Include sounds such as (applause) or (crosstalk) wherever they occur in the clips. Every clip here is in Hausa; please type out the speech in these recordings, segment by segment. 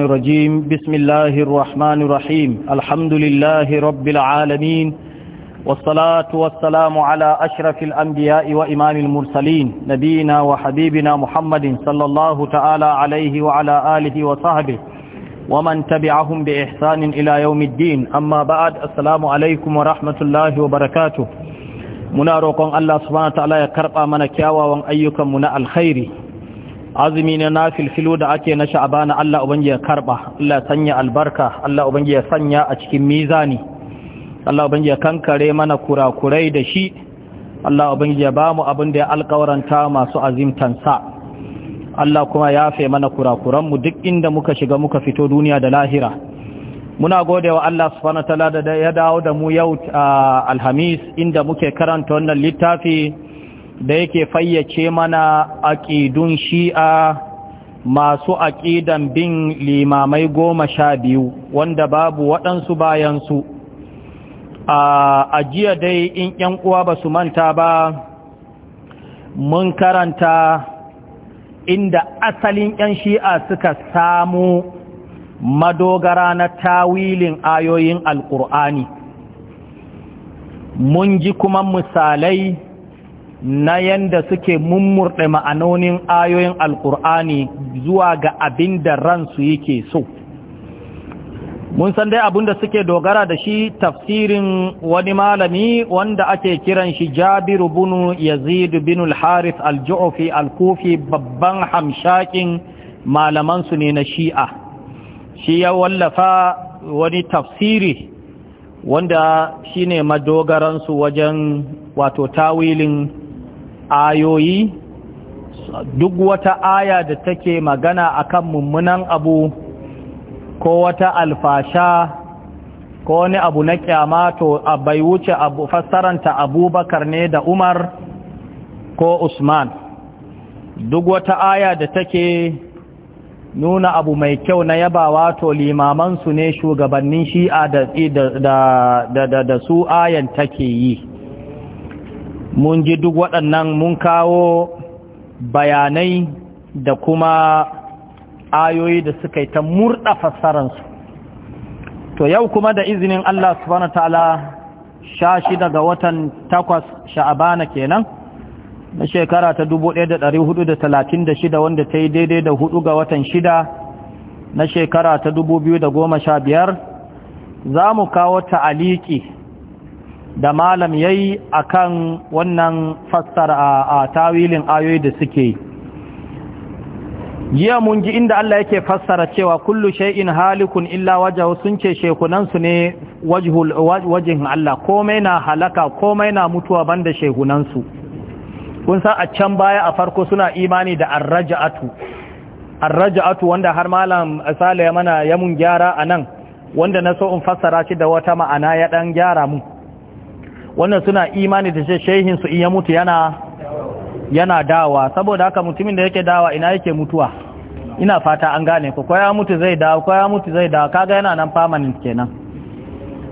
الرجيم بسم الله الرحمن الرحيم الحمد لله رب العالمين والصلاة والسلام على أشرف الأنبياء وإمام المرسلين نبينا وحبيبنا محمد صلى الله تعالى عليه وعلى آله وصحبه ومن تبعهم بإحسان إلى يوم الدين أما بعد السلام عليكم ورحمة الله وبركاته muna roƙon Allah subhanahu wataala ya karɓa mana kyawawan ayyukanmu na alkhairi azumi ne na filfilo da ake na sha'abana Allah ubangi ya karba Allah sanya albarka Allah ubangi ya sanya a cikin mizani Allah ubangi ya kankare mana kurakurai da shi Allah ubangi ya bamu abin da ya alƙawaranta masu azimtan sa Allah kuma ya fe mana kurakuran mu duk inda muka shiga muka fito duniya da lahira muna gode Allah subhanahu ta'ala da ya dawo da mu yau alhamis inda muke karanta wannan littafi da yake fayyace mana aƙidun shi'a masu aƙidan bin limamai goma sha biyu wanda babu waɗansu bayansu a jiya dai in ‘yan uwa ba su manta ba mun karanta inda asalin ‘yan shi'a suka samu madogara na tawilin ayoyin alƙur'ani mun ji kuma misalai na yanda suke mummurɗe ma'anonin ayoyin alƙur'ani zuwa ga abin da ransu yake so mun san dai abin da suke dogara da shi tafsirin wani malami wanda ake kiran shi jabiru bunu Yazidu, BinulHaris, al-harith al kufi babban hamshakin malamansu ne na shi'a shi ya wallafa wani tafsiri wanda shi shine madogaransu wajen wato tawilin ayoyi duk wata aya da take magana akan mummunan abu ko wata alfasha ko wani abu na kyama to bai wuce abu fassaranta abubakar ne da umar ko usman duk wata aya da take nuna abu mai kyau na yabawa to limamansu ne shugabannin shi'a da, da su ayan take yi mun ji duk waɗannan mun kawo bayanai da kuma ayoyi da suka yi ta murɗa fassararsu to yau kuma da izinin Allah subhanahu ta'ala sha shi daga watan takwas sha'abana kenan na shekara ta shida, wanda ta yi daidai da hudu ga watan shida na shekara ta biyar, za mu kawo ta'aliki da malam yayi akan wannan fassara a tawilin ayoyi da suke jiya mun ji inda Allah yake fassara cewa kullu shay'in halikun illa wajhu sun ce shekunan ne wajhul wajhin Allah komai na halaka komai na mutuwa banda shekunan su kun san a can baya a farko suna imani da arraja'atu arraja'atu wanda har malam Sale ya mana ya mun gyara anan wanda na so in fassara shi da wata ma'ana ya dan gyara mu wannan suna imani da shehin su in ya mutu yana yana dawa saboda haka mutumin da yake dawa ina yake mutuwa ina fata an gane ko koya mutu zai dawo koya mutu zai dawo kaga yana nan permanent kenan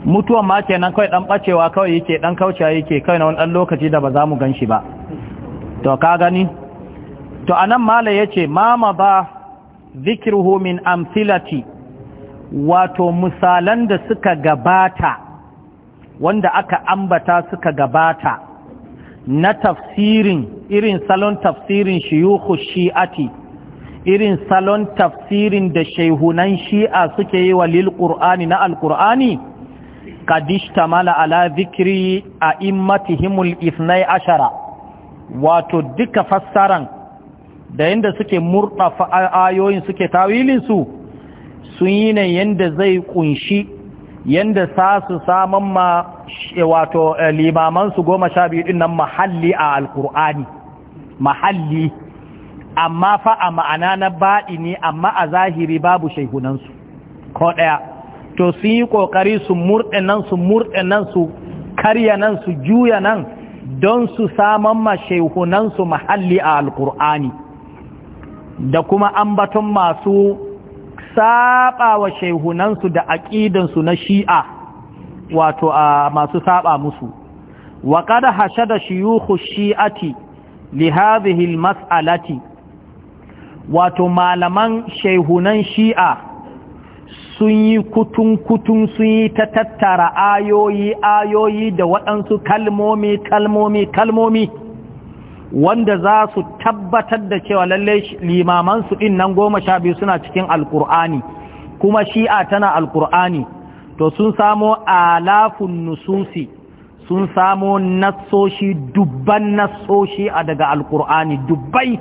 mutuwan ma kenan kai dan bacewa kawai yake dan kaucewa yake kai na wani dan lokaci da ba za mu ganshi ba to ka gani to anan mala yace mama ba zikruhu min amsilati wato misalan da suka gabata wanda aka ambata suka gabata na tafsirin irin salon tafsirin shiyuhu shi'ati irin salon tafsirin da shaihunan shi'a suke yi wa lil na alƙur'ani kadishta mala ala zikiri a immatihimul isnai ashara wato duka fassaran da yadda suke murɗa ayoyin suke tawilinsu sun yi ne yadda zai ƙunshi yanda sa su saman ma eh, wato eh, limamansu goma sha biyu ɗin nan mahalli a alkur'ani mahalli amma fa a ma'ana na baɗi ne amma a zahiri babu shaihunansu ko ɗaya to su yi ƙoƙari su murɗe nan su murɗe nan su karya nan su juya nan don su saman ma shaihunansu mahalli a alkur'ani da kuma ambaton masu saba wa shehunansu da aƙidansu na shi'a wato a masu saba musu wa kada hashada shiyuhu shi'ati li hadhihi mas'alati wato malaman shehunan shi'a sun yi kutun-kutun sun yi ta tattara ayoyi ayoyi da waɗansu kalmomi kalmomi kalmomi wanda za su tabbatar da cewa lalle limaman su nan goma sha biyu suna cikin alkur'ani kuma shi'a tana alkur'ani to sun samo alafun nususi sun samo nassoshi dubban nassoshi a daga alkur'ani dubbai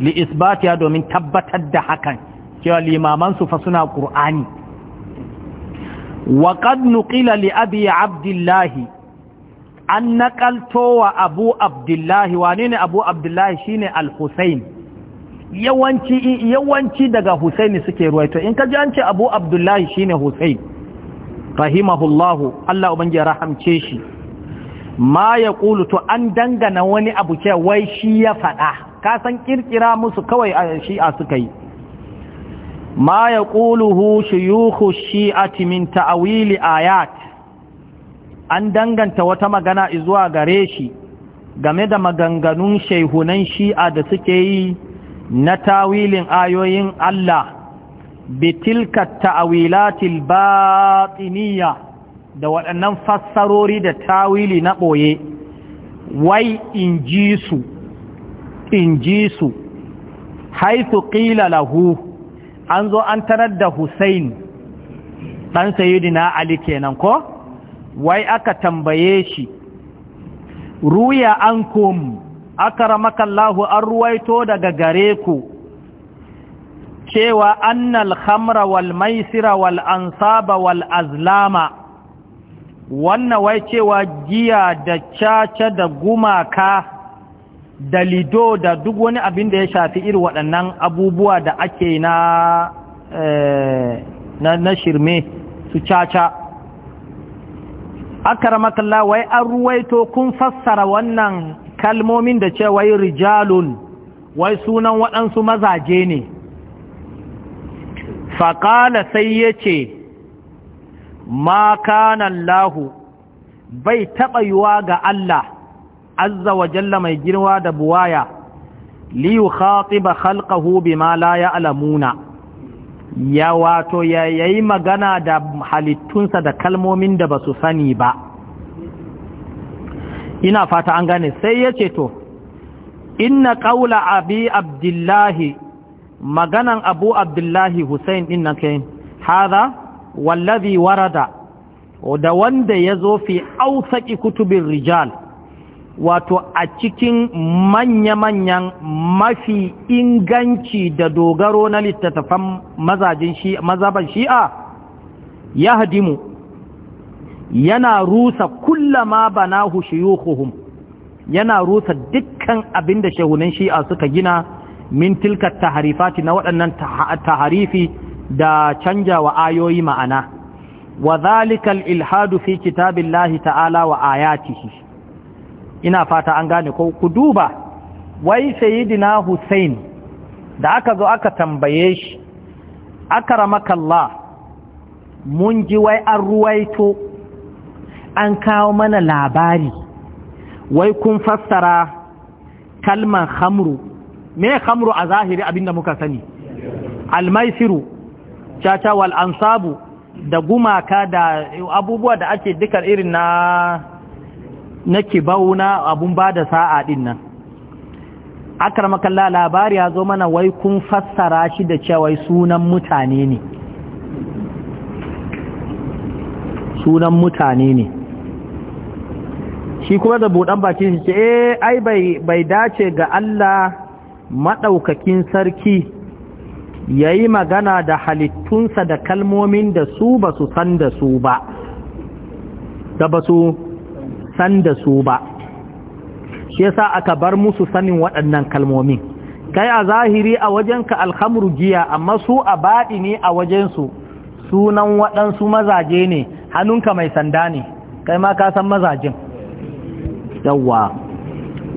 li isbatiya domin tabbatar da hakan cewa limaman su fa suna qur'ani waƙad Nukila li abi abdullahi an naƙalto wa abu abdullahi wane ne abu abdullahi shine al-husain yawanci yawanci daga husaini suke ruwa? ruwaito in ka ji an ce abu abdullahi shine husain rahimahullahu Allah ubangi ya rahamce shi ma ya to an dangana wani abu ce wai shi ya faɗa ka san kirkira musu kawai a shi'a suka yi ma ya ƙuluhu shiyuhu shi'ati min ta'awili ayat an danganta wata magana zuwa gare shi game da maganganun shaihunan shi'a da suke yi na tawilin ayoyin Allah bitilka ta'awilatil batiniya da waɗannan fassarori da tawili na ɓoye wai in ji su in ji su haithu ƙila lahu an zo an tarar da Hussein ɗan sayidina Ali kenan ko? wai aka tambaye shi ruya ankum akramakallahu an ruwaito daga gare ku cewa annal khamra wal maisira wal ansaba wal azlama wannan wai cewa giya da caca da gumaka da lido da duk wani abin da ya shafi iri waɗannan abubuwa da ake na eh, shirme su caca akramakallah wai an ruwaito kun fassara wannan kalmomin da ce wai rijalun wai sunan waɗansu mazaje ne faƙala sai ya ce ma kanan lahu bai taɓa yiwa ga Allah azza wa jalla mai girwa da buwaya liyu khatiba khalqahu ma la alamuna. ya wato ya yi magana da halittunsa da kalmomin da ba su sani ba ina fata an gane sai ya ce to inna ƙaula abi abdullahi maganan abu abdullahi hussein din nan haza wallazi warada da wanda ya zo fi ausaki kutubin rijal wato a cikin manya-manyan mafi inganci da dogaro na littattafan mazaban shi'a ya hadimu yana rusa kullama banahu shuyukuhum yana rusa dukkan abin da shi'a suka gina min tilka taharifati na waɗannan taharifi da canja wa ayoyi ma'ana wa zalikal ilhadu fi kitabillahi ta'ala wa ayatihi ina fata an gane ko ku duba wai sayidina Hussein da aka zo aka tambaye shi akramakallah mun ji wai an ruwaito an kawo mana labari wai kun fassara kalman khamru me khamru a zahiri abinda muka sani almaisiru caca wal ansabu da gumaka da abubuwa da ake dukkan irin na na bauna abun ba da sa'a din nan akar makalla labari ya zo mana wai kun fassara shi da cewa sunan mutane ne sunan mutane ne shi kuma da buɗan baki shi ce eh ai bai dace ga Allah maɗaukakin sarki yayi magana da halittunsa da kalmomin da su ba su san da su ba da ba su san da su ba shi yasa aka bar musu sanin waɗannan kalmomin kai a zahiri a wajenka alhamru giya amma su a baɗi ne a wajensu sunan waɗansu mazaje ne hannunka mai sanda ne kai ma ka san mazajin yawwa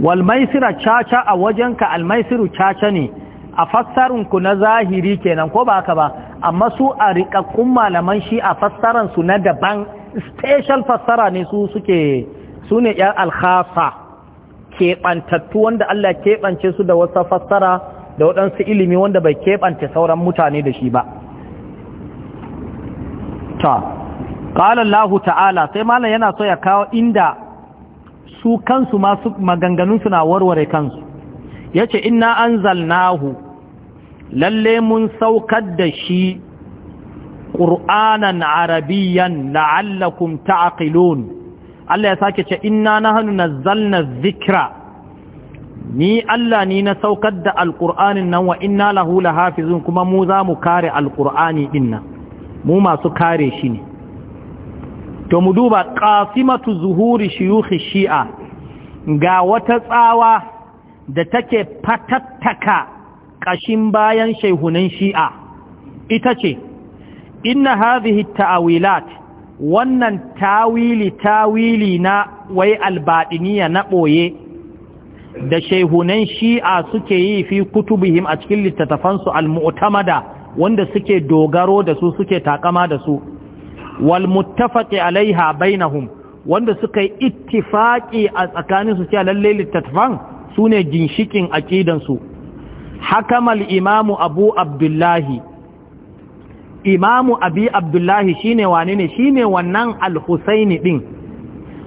walmaisira caca a wajenka almaisiru caca ne a fassarinku na zahiri kenan ko ba ka ba amma su a riƙaƙƙun malaman shi a fassaransu na daban special fassara ne su suke su ne ‘yan alhasa keɓantattu wanda Allah keɓance su da wasu fassara da waɗansu ilimi wanda bai keɓance sauran mutane da shi ba ta ƙalallahu ta'ala sai malam yana so ya kawo inda su kansu masu maganganun suna warware kansu ya ce ina an zalnahu lalle mun saukar da shi ƙur'anan arabiyan la'allakum ta'aqilun Allah ya sake ce inna nahnu nazzalna dhikra ni Allah ni na saukar da alqur'anin nan wa inna lahu lahafizun kuma mu za mu kare alqur'ani dinnan mu masu kare shi ne to mu duba qasimatu zuhuri shuyukhi shi'a ga wata tsawa da take fatattaka kashin bayan shehunan shi'a ita ce inna hadhihi ta'awilat wannan tawili tawili na wai albaɗiniya na ɓoye da shehunan shi'a suke yi fi kutubihim a cikin littattafansu al-mu'tamada wanda suke dogaro da su suke takama da su wal muttafaqi alaiha bainahum wanda suka yi ittifaqi a tsakanin su lalle littattafan sune ginshikin aƙidansu su hakamal imamu abu abdullahi imamu abi abdullahi shine wane ne shine wannan al-husaini din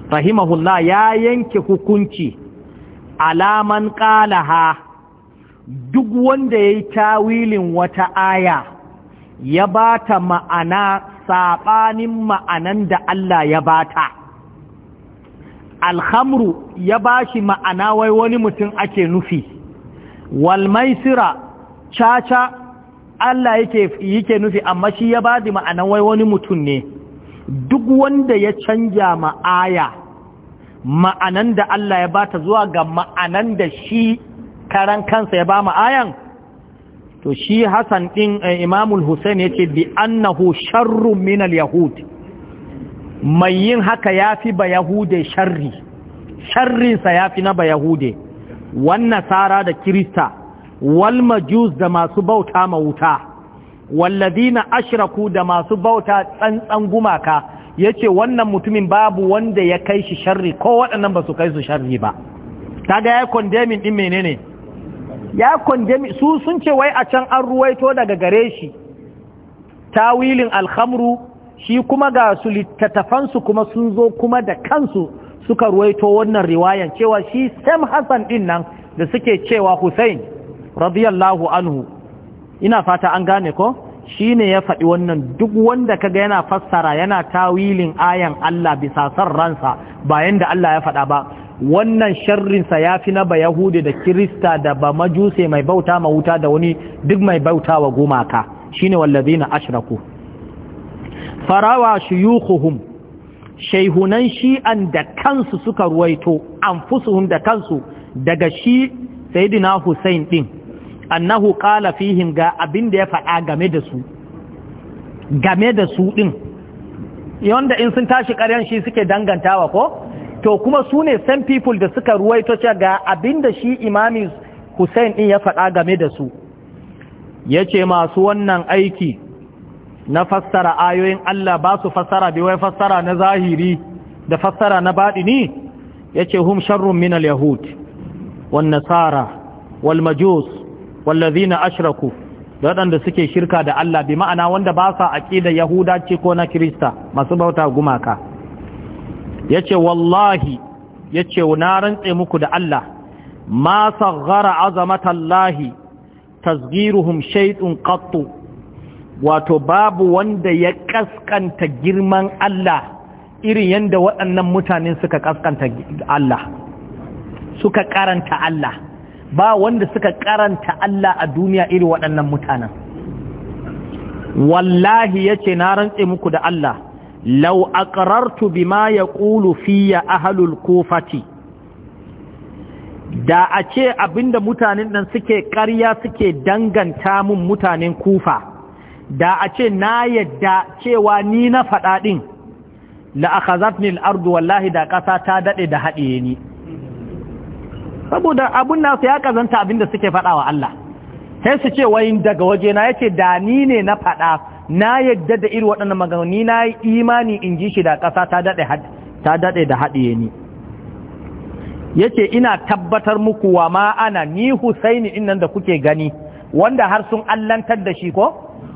rahimahullah ya yanke hukunci alaman qalaha duk wanda yayi tawilin wata aya ya bata ma'ana sabanin ma'anan da Allah ya bata alhamru ya bashi ma'ana wai wani mutum ake nufi wal maisira caca Allah yake yake nufi amma shi ya bada ma'ana wai wani mutum ne duk wanda ya canja ma'aya ma'anan da Allah ya bata zuwa ga ma'anan da shi karan kansa ya ba ma'ayan to shi Hassan din eh, Imamul Hussein yace bi annahu sharrun minal yahud mai yin haka yafi ba yahude sharri sharrinsa yafi na ba yahude wannan sara da kirista wal majus da masu bauta ma wuta walladina ashraku da masu bauta tsantsan gumaka yace wannan mutumin babu wanda ya kai shi sharri ko waɗannan ba su kai su sharri ba kaga ya condemning din menene ya condemning su sun ce wai a can an ruwaito daga gare shi tawilin alhamru shi kuma ga su littattafansu kuma sun zo kuma da kansu suka ruwaito wannan riwayan cewa shi sam hassan din nan da suke cewa Husain. radiyallahu anhu ina fata an gane ko shine ya faɗi wannan duk wanda kaga yana fassara yana tawilin ayan Allah bisa san ransa ba yanda Allah ya faɗa ba wannan sharrinsa ya fi na ba Yahudi da Kirista da ba majuse mai bauta ma wuta da wani duk mai bauta wa gumaka shine wallazina ashraku farawa shuyukhuhum shaihunan shi'an da kansu suka ruwaito anfusuhum da kansu daga shi sayyidina Hussein din annahu qala fihim ga abin da ya faɗa game da su game da su din yanda in sun tashi ƙaryan shi suke dangantawa ko to kuma su ne same people da suka ruwaito ce ga abin da shi imami Hussein din ya faɗa game da su yace masu wannan aiki na fassara ayoyin Allah ba su fassara bai wai fassara na zahiri da fassara na baɗini yace hum sharrun al yahud wan nasara wal majus wallazina ashraku da waɗanda suke shirka da Allah bi ma'ana wanda ba sa aqida Yahudaci ko na kirista masu bauta gumaka yace wallahi yace na rantse muku da Allah ma saghara azamatallahi tasghiruhum shay'un qattu wato babu wanda ya kaskanta girman Allah irin yanda waɗannan mutane suka kaskanta Allah suka karanta Allah ba wanda suka karanta Allah a duniya irin waɗannan mutanen wallahi yace na rantse muku da Allah lau aqrartu bima fiye a ahlul kofati. da a ce abinda mutanen nan suke ƙarya suke danganta mun mutanen kufa da a ce na yadda cewa ni na faɗaɗin la a ardu wallahi da ƙasa ta daɗe da haɗiye ni saboda abun nasu ya kazanta abin da suke faɗa wa Allah sai su ce wayin daga waje na yace da ni ne na faɗa na yadda da irin waɗannan maganganu na yi imani in ji shi da ƙasa ta daɗe ta daɗe da haɗiye ni yace ina tabbatar muku wa ma ana ni Husaini din nan da kuke gani wanda har sun allantar da shi ko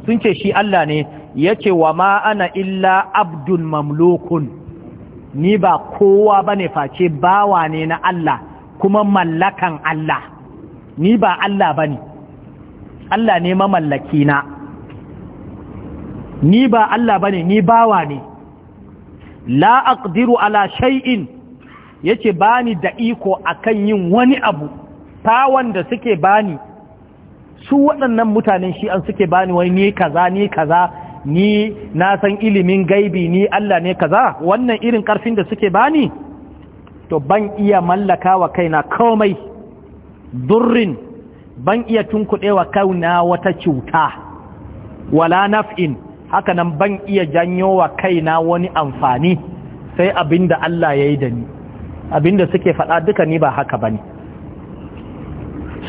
sun ce shi Allah ne yace wa ma ana illa abdul mamlukun ni ba kowa bane face bawa ne na Allah kuma mallakan Allah ni ba Allah ba ne Allah ne mamallaki na ni ba Allah ba ne ni bawa ne la aqdiru ala shay'in yace bani da iko akan yin wani abu tawan da suke bani su waɗannan mutanen shi an suke bani wani ni kaza ni kaza ni na san ilimin gaibi ni Allah ne kaza wannan irin ƙarfin da suke bani to ban iya mallaka wa kaina komai durrin ban iya tunkuɗewa kaina wata cuta wala naf'in haka nan ban iya janyo wa kaina wani amfani sai abinda Allah ya yi da ni abinda suke faɗa duka ni ba haka ba ne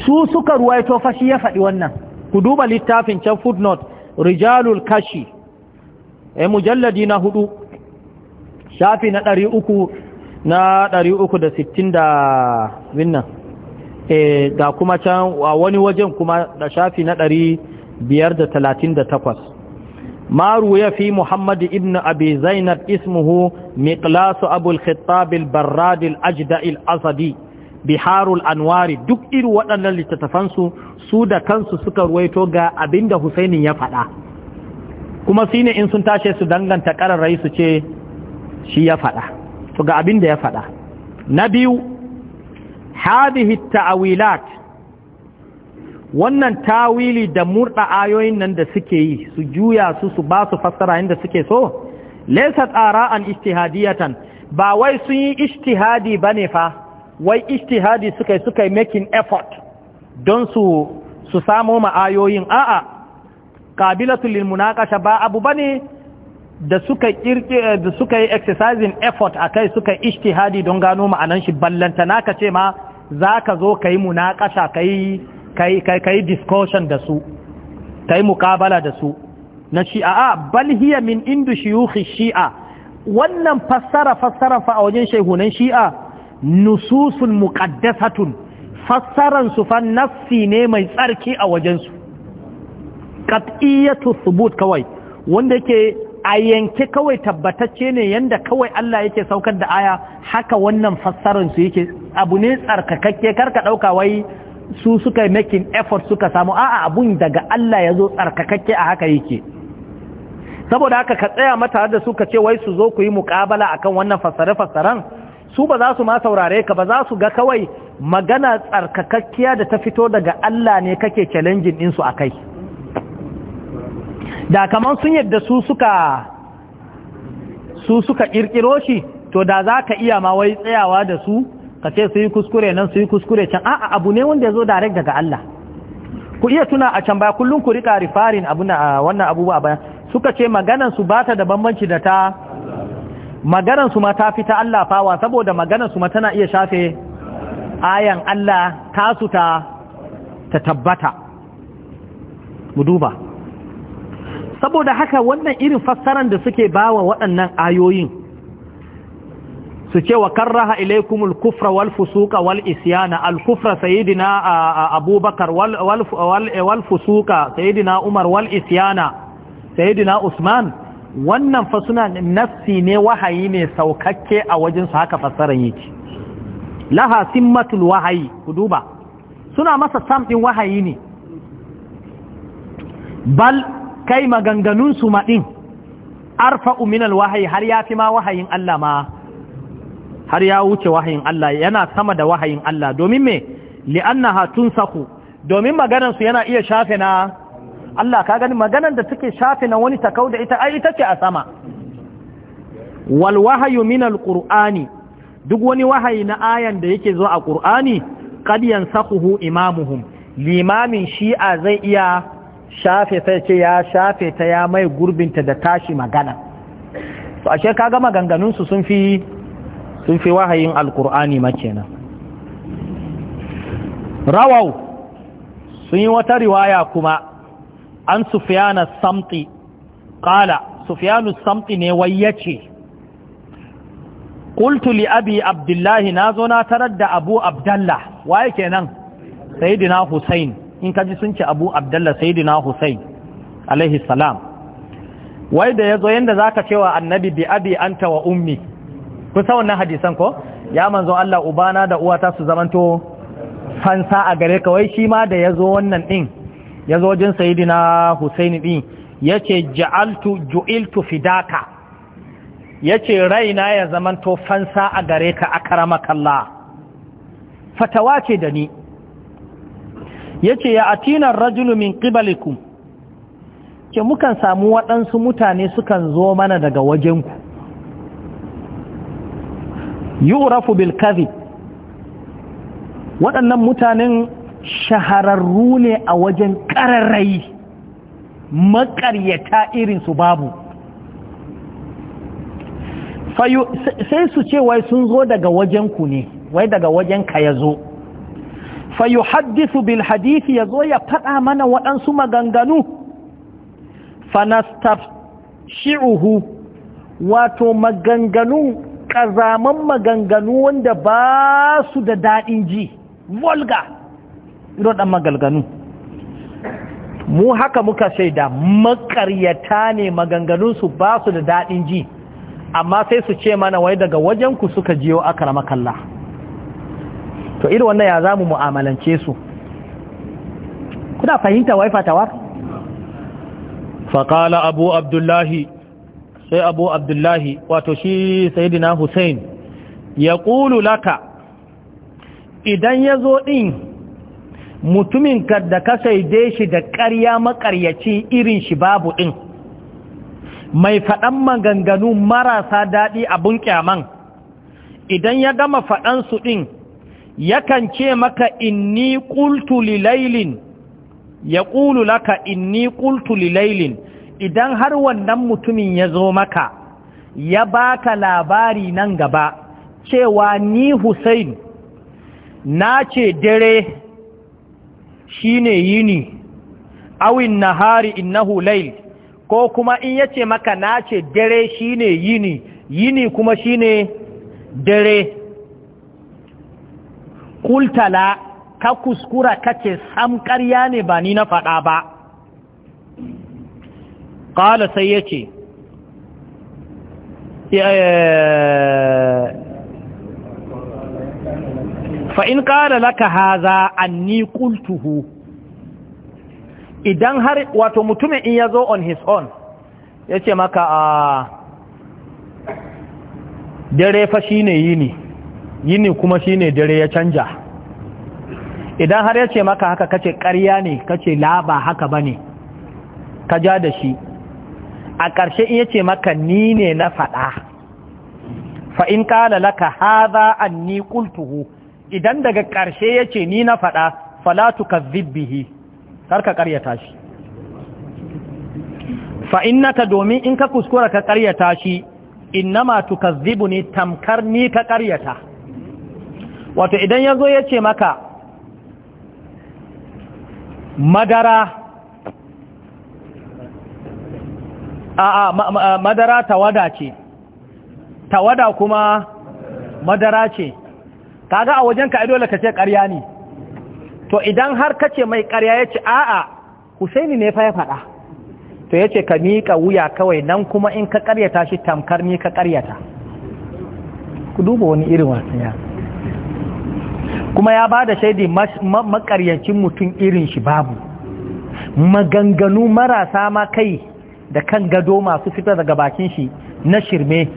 su suka ruwaito fashi ya faɗi wannan ku duba littafin can footnote rijalul kashi e mujalladi na hudu shafi na ɗari uku na 360 winnan e ga kuma can a wani wajen kuma da shafi na takwas. maru ya fi muhammadu ibn abi zainab ismuhu miklasu abul khattabil barradil ajda'il asadi biharul anwari duk iri waɗannan littattafansu su da kansu suka ruwaito ga abinda husainin ya faɗa kuma sine in sun tashe su danganta ƙararrai su ce shi ya faɗa to ga abin da ya faɗa na biyu hadihi ta'awilat wannan tawili da murda ayoyin nan da suke yi su juya su su ba su fassara inda suke so laysa tsara'an ijtihadiyatan ba wai sun yi ijtihadi bane fa wai ijtihadi suka suka making effort don su su samo ma ayoyin a'a qabilatul lil munaqasha ba abu bane da suka eh, da suka yi exercising effort kai suka ishtihadi don gano ma'anan shi ballanta na ce ma za ka zo kai munakasha kai kai kai discussion da su kai mukabala da su na shi a'a ah, bal hiya min indu shuyukh shi'a wannan fassara fassara fa a wajen shehunan shi'a nususun muqaddasatun fassaran su fa nafsi ne mai tsarki a wajen su qat'iyatu thubut kawai wanda yake a yanke kawai tabbatacce ne yanda kawai Allah yake saukar da aya haka wannan fassarar su yake abu ne tsarkakakke karka ɗauka wai su suka making effort suka samu a'a abun daga Allah ya zo tsarkakakke a haka yake saboda haka ka tsaya mata da suka ce wai su zo ku yi muƙabala akan wannan fassare fassaran su ba za su ma saurare ka ba za su ga kawai magana tsarkakakkiya da ta fito daga Allah ne kake challenging din su akai. da kamar sun yadda su suka su suka kirkiro shi to da za ka iya ma wai tsayawa da su ka ce su yi kuskure nan su yi kuskure can a'a abu ne wanda ya zo direct daga Allah ku iya tuna a can baya kullum ku rika rifarin abu na wannan abubuwa baya suka ce maganan su ba ta da bambanci da ta maganan su ma ta fi ta Allah fawa saboda maganan su ma tana iya shafe ayan Allah tasu ta ta tabbata mu duba saboda haka wannan irin fassaran da suke bawa waɗannan ayoyin su ce wa karraha ilaikumul kufra wal fusuka wal isyana al kufra sayidina abubakar wal fusuka sayidina umar wal isyana sayidina usman wannan fasuna nafsi ne wahayi ne saukakke a wajensu haka fassaran yake laha simmatul wahayi ku duba suna masa sam ɗin wahayi ne bal kai maganganunsu maɗin arfa'u minal wahayi har ya fi ma wahayin Allah ma har ya wuce wahayin Allah yana sama da wahayin Allah domin me hatun saku, domin maganarsu yana iya shafe na Allah ka gani maganar da take shafe na wani takau da ita ai ita ce a sama wal wahayu minal qur'ani duk wani wahayi na ayan da yake zo a qur'ani qad yansakhuhu imamuhum limamin shi'a zai iya shafe sai ce ya shafe ta ya mai gurbinta da tashi magana to ashe kaga maganganunsu sun fi sun fi wahayin alkur'ani makenan rawau sun yi wata riwaya kuma an sufiyana samti kala sufiyanu samti ne wayyace ce? li abi abdullahi na zo na tarar da abu abdallah waye kenan Saidina husain in ka ji sun abu abdallah sayyidina husayn alaihi salam wai da yazo yanda zaka cewa annabi bi abi anta wa ummi ku sa wannan hadisan ko ya manzo Allah ubana da uwata su zamanto fansa a gare ka wai shi ma da yazo wannan din yazo wajen sayyidina husayn din yace ja'altu ju'iltu fidaka yace raina ya zamanto fansa a gare ka akramakallah fatawa ce da ni yace ya atina rajulu min qibalikum ke mukan samu waɗansu mutane sukan zo mana daga wajenku yu'rafu bil kadhib waɗannan mutanen shahararru ne a wajen ƙararrai makaryata irinsu babu sai su ce wai sun zo daga wajenku ne wai daga wajenka ya zo fayuhaddisu bil hadisi yazo ya faɗa mana waɗansu maganganu shi'uhu wato maganganu ƙazaman maganganu wanda ba su da daɗin ji volga ɗan maganganu mu haka muka shaida makaryata ne maganganunsu ba su da daɗin ji amma sai su ce mana wai daga wajenku suka jiyo aka ramakalla to irin wannan ya zamu mu'amalance su kuna fahimta wai fatawa faƙala abu abdullahi sai abu abdullahi wato shi Sayyidina hussein ya ƙulu laka idan yazo zo ɗin mutumin da ka saide shi da ƙarya maƙaryaci irin shi babu ɗin mai faɗan maganganu marasa daɗi abun ƙyaman idan ya gama faɗansu ɗin yakan ce maka inni qultu lilailin ya laka inni qultu lilailin idan har wannan mutumin ya zo maka ya baka labari nan gaba cewa ni Hussein na ce dare shine yini awin nahari innahu layl ko kuma in yace maka na ce dare shine yini yini kuma shine dare kultala ka kuskura kace sam ƙarya ne ba ni na faɗa ba ƙala sai ya ce eh, fa'in ƙala laka haza anni kultuhu idan har wato mutumin in ya zo on his own ya ce maka a ah, dare fa shi ne yi ne yini kuma shine dare ya canja idan har ya ce maka haka kace ƙarya ne kace la ba haka bane ka ja da shi a ƙarshe in yace maka ni ne na faɗa fa in laka haza anni, ni idan daga ƙarshe yace ni na faɗa falatu ka zibbihi kar ka ƙaryata shi fa naka domin in ka kuskura ka ƙaryata shi innama tukazzibu ne tamkar ni ka ƙaryata wato idan ya zo ya ce maka madara a a madara tawada ce tawada kuma madara ce kaga a wajen ka dole ka ce ƙarya ne to idan har ka ce mai karya ya ce a'a husaini ne fa ya faɗa to ya ce ka miƙa wuya kawai nan kuma in ka ƙaryata shi tamkar ni ka ƙaryata ku duba wani irin wasu ya kuma ya ba da shaidi makaryancin mutum irin shi babu maganganu marasa ma kai da kan gado masu fita daga bakin shi na shirme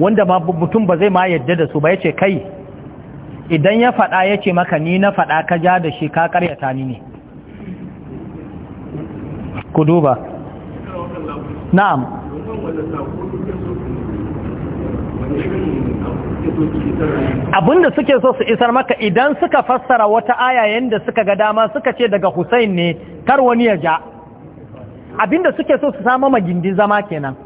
wanda mutum ba zai ma yadda da su ba ya ce kai idan ya faɗa ya ce maka ni na faɗa ka ja da shi ka karyata ni ne ku duba na'am abinda suke so su isar maka idan suka fassara wata aya yadda suka ga dama suka ce daga Hussein ne kar wani ya ja abinda suke so su samu magindi zama kenan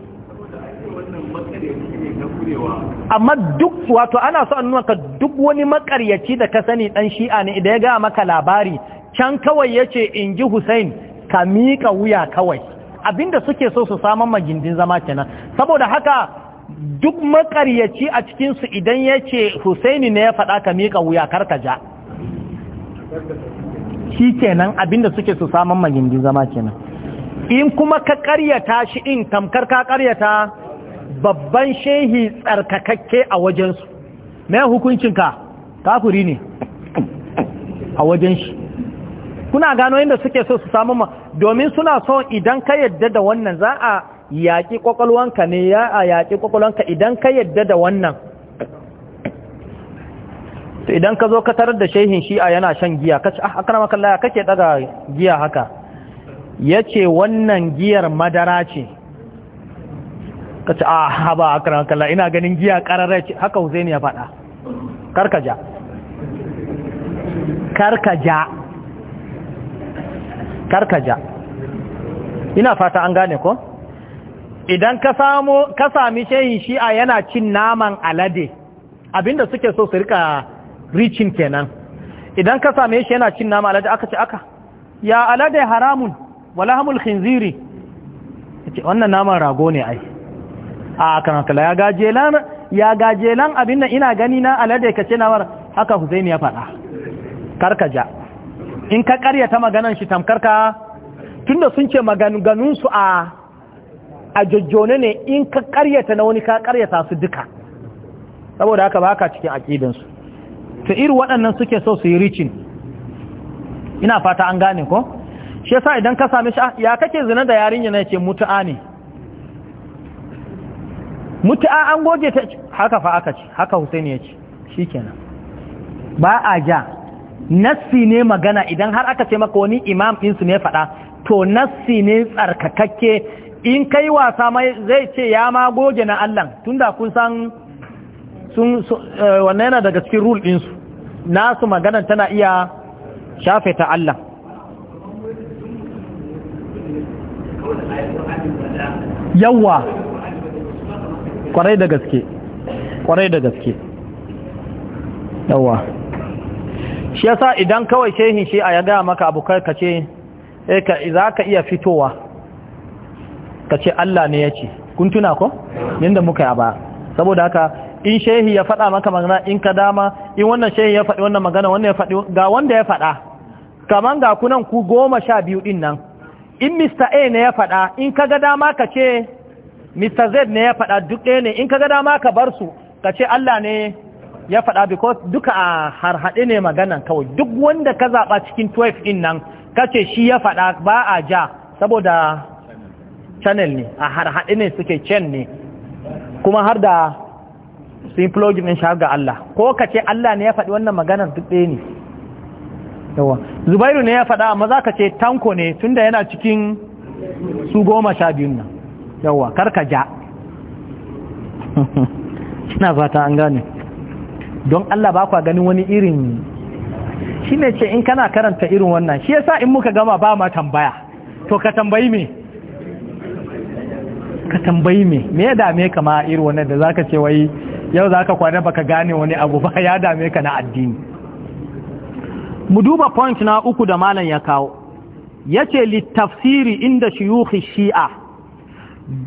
amma duk wato ana so an nuna ka duk wani makaryaci da ka sani dan shi'a ne idan ya ga maka labari can kawai yace in ji Hussein ka mika wuya kawai abinda suke so su samu magindin zama kenan saboda haka duk makaryaci a cikinsu idan ya ce husaini ne ya faɗa ka miƙa wuya karka ja shi kenan abinda suke su saman magindin zama kenan in kuma ka karyata shi in tamkar ka karyata babban shehi tsarkakakke a wajensu mai hukuncinka kafuri ne a wajen shi kuna gano inda suke so su samu domin suna so idan ka yadda da wannan za a yaƙi ƙwaƙwalwanka ne ya a yaƙi ƙwaƙwalwanka idan ka yadda da wannan to idan ka zo ka tarar da shehin shi'a yana shan giya ka ce a ah, kana makalla kake daga giya haka ya ce wannan giyar madara ce ka ce a ah, haba a kana makalla ina ganin giya ƙararra ce haka husaini ya faɗa karkaja karkaja karkaja ina fata an gane ko? idan ka sami shi a yana cin naman alade abinda suke so su rika ricin kenan idan ka same shi yana cin naman alade aka ce aka ya alade haramun wala hamul khinziri wannan naman rago ne ai a kan hakala ya gajelan ya gajelan abin nan ina gani na alade ka ce namar haka huzaini ya faɗa karkaja in ka karyata maganan shi tamkar ka tunda sun ce maganganun su a a jojjone ne in ka karyata na wani ka karyata su duka saboda haka ba ka cikin aƙidinsu ta iri waɗannan suke so su yi ricin ina fata an gane ko shi yasa idan ka sami shi ah, ya kake zina da yarinya na ce mutu'a ne mutu'a an goge ta haka fa aka ce haka Hussein ya ce kenan ba a ja nassi ne magana idan har aka ce maka wani imam ɗinsu ne faɗa to nassi ne tsarkakakke in kai wasa mai zai ce ya ma goge na Allah tunda kun san sun eh, wanne yana daga cikin rule din su nasu magana tana iya shafe ta Allah yawa kwarai da gaske kwarai da gaske yawa shi yasa idan kawai shehin shi a ya gaya maka abu kai ka ce eh, za ka iya fitowa ka ce Allah ne ya ce kun tuna ko yadda muka yi ba saboda haka in shehi ya faɗa maka magana in ka dama in wannan shehi ya faɗi wannan magana wannan ya faɗi ga wanda ya faɗa kaman ga kunan ku goma sha biyu ɗin nan in Mr. A ne ya faɗa in ka ga dama ka ce Mr. Z ne ya faɗa duk ɗaya ne in ka ga dama ka bar su ka ce Allah ne ya faɗa because duka a harhaɗe ne maganan kawai duk wanda ka zaɓa cikin 12 ɗin nan ka ce shi ya faɗa ba a ja saboda channel ne a haɗe ne suke chain ne kuma har da su yi ɗin shahar ga Allah ko ka ce Allah ne ya faɗi wannan maganar duk ɗaya ne yawa zubairu ne ya faɗa amma za ka ce tanko ne tunda yana cikin su goma sha biyun nan yawa kar ka ja (laughs) ina fata an gane don Allah ba kwa ganin wani irin shi ne ce in kana karanta irin wannan shi yasa in muka gama ba ma tambaya to ka tambayi me ka tambayi me me ya dame ka ma irin wannan da zaka ce wai yau zaka kwana baka gane wani abu ba (laughs) ya dame ka na addini mu duba point na uku da malam ya kawo yace tafsiri inda shuyukhi shi'a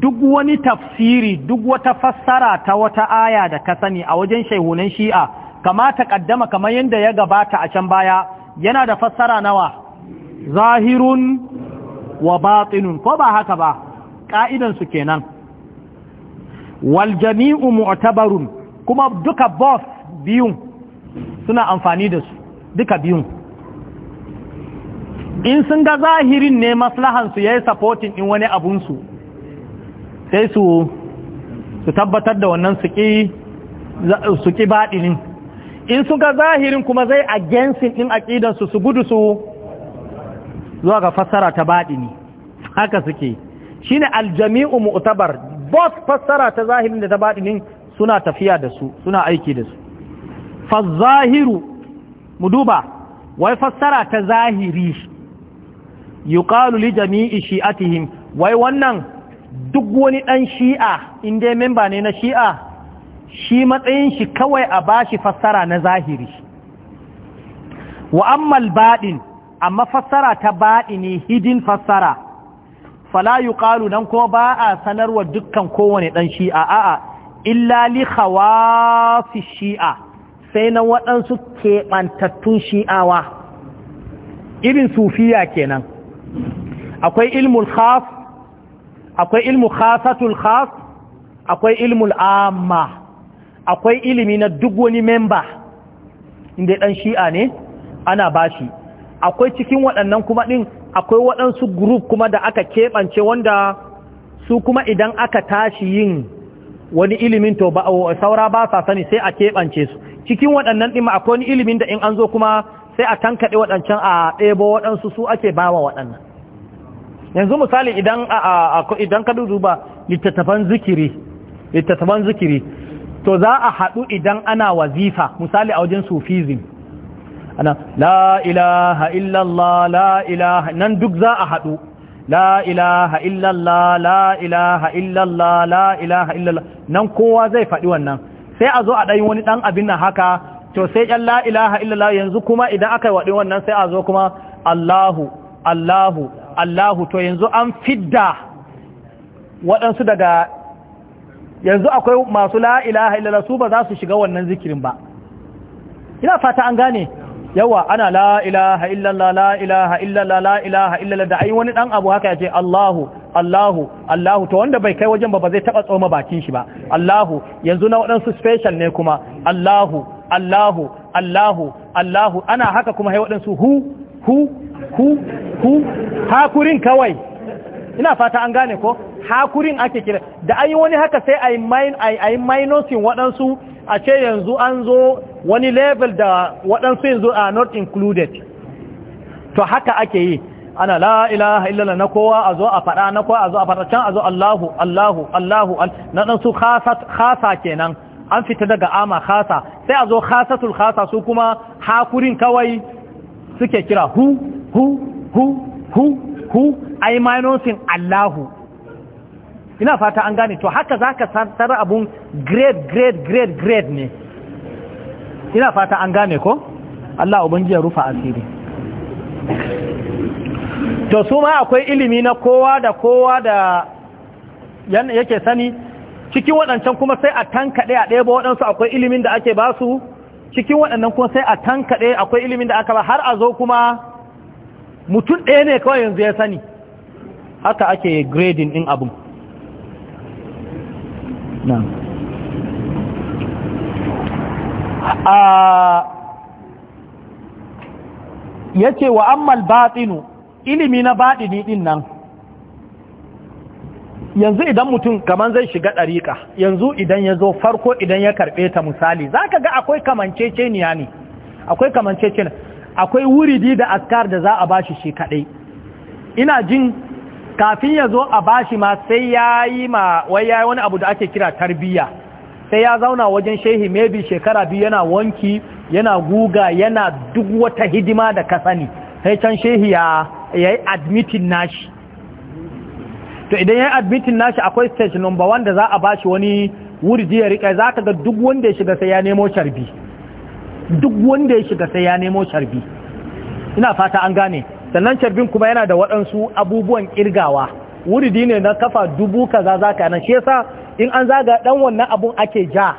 duk wani tafsiri duk wata fassara ta wata aya da ka sani a wajen shehunan shi'a kamata kaddama kamar yadda ya gabata a can baya yana da fassara nawa zahirun wa batinun ko ba haka ba ka'idansu kenan wal jami'u mu'tabarun kuma duka boss biyun suna amfani da su duka biyun in sun ga zahirin ne maslahansu ya yi supporting in wani abun su sai su su tabbatar da wannan su ƙi baɗinin in su ga zahirin kuma zai against din aƙidansu su gudu su zuwa ga fassara ta badini haka suke ne aljami'u mu'tabar both fassara ta zahirin da ta baɗinin suna tafiya da su suna aiki da su fa mu duba wai fassara ta zahiri yuqalu li jami'i shi'atihim wai wannan duk wani ɗan shi'a inda memba ne na shi'a shi matsayin shi kawai a bashi fassara na zahiri wa ammal baɗin amma fassara ta baɗi ne hidin fassara fala yuqalu nan kuma ba a sanarwa dukkan kowane dan shi'a a'a illa li khawafi shi'a sai na waɗansu keɓantattun shi'awa irin sufiya kenan akwai ilmul khas akwai ilmu khasatul khas akwai ilmul amma akwai ilimi na duk wani memba inda ɗan shi'a ne ana bashi akwai cikin waɗannan kuma ɗin akwai waɗansu group kuma da aka keɓance wanda su kuma idan aka tashi yin wani ilimin to ba saura ba sa sani sai a keɓance su cikin waɗannan ɗin akwai wani ilimin da in an zo kuma sai a tankaɗe waɗancan a ɗebo waɗansu su ake bawa waɗannan yanzu misali idan idan ka duba littattafan zikiri littattafan zikiri to za a haɗu idan ana wazifa misali a wajen sufism ana la ilaha illallah la ilaha nan duk za a haɗu la ilaha illallah la ilaha illallah la ilaha illallah nan kowa zai faɗi wannan sai a zo a ɗayin wani ɗan abin na haka to sai ƴan la ilaha illallah yanzu kuma idan aka waɗi wannan sai a zo kuma Allahu Allahu Allahu to yanzu an fidda waɗansu daga yanzu akwai masu la ilaha illallah su ba za su shiga wannan zikirin ba ina fata an gane yawa ana la ilaha illallah la ilaha illallah la ilaha illallah da ai wani dan abu haka yace Allahu Allahu Allahu to wanda bai kai wajen ba ba zai taba tsoma bakin shi ba Allahu yanzu na wadansu special ne kuma Allahu Allahu Allahu Allahu ana haka kuma hai wadansu hu hu hu hu hakurin kawai ina fata an gane ko hakurin ake kira da ai wani haka sai ai mine ai ai minusing wadansu a ce yanzu an zo wani level da waɗansu yanzu are not included to haka ake yi ana la ilaha illallah na kowa a zo a faɗa na kowa a zo a faɗa can a zo Allahu Allahu Allahu na ɗan su khasa kenan an fita daga ama khasa sai a zo khasatul khasa su kuma hakurin kawai suke kira hu hu hu hu hu ai minosin Allahu ina fata an gane to haka za ka santar abun grade grade grade grade ne ina fata an gane ko Allah ubangi ya rufa asiri to su ma akwai ilimi na kowa da kowa da yake sani cikin waɗancan kuma sai a tankaɗe a ɗaya ba waɗansu akwai ilimin da ake ba su cikin waɗannan kuma sai a tankaɗe akwai ilimin da aka ba har a zo kuma mutum ɗaya ne kawai yanzu ya sani haka ake grading ɗin abin Yace wa ammal batinu ilimi na baɗi ni nan yanzu idan mutum kaman zai shiga ɗariƙa yanzu idan yazo farko idan ya karɓe ta misali zaka ga akwai kamanceceniya ne akwai kamanceceniya akwai wuridi da askar da za a bashi shi kadai, ina jin kafin ya zo a bashi ma sai ya yi ma wai ya yi wani abu da ake kira tarbiyya sai ya zauna wajen shehi maybe shekara biyu yana wanki yana guga yana duk wata hidima da ka sani sai can shehi ya yi admitin nashi to idan ya yi admitin nashi akwai stage number one za a bashi wani wuri jiya riƙa za ka ga duk wanda ya shiga sai ya nemo sharbi duk wanda ya shiga sai ya nemo sharbi ina fata an gane sannan carbin kuma yana da waɗansu abubuwan ƙirgawa wuri ne na kafa dubu kaza zaka nan shi yasa in an zaga ɗan wannan abun ake ja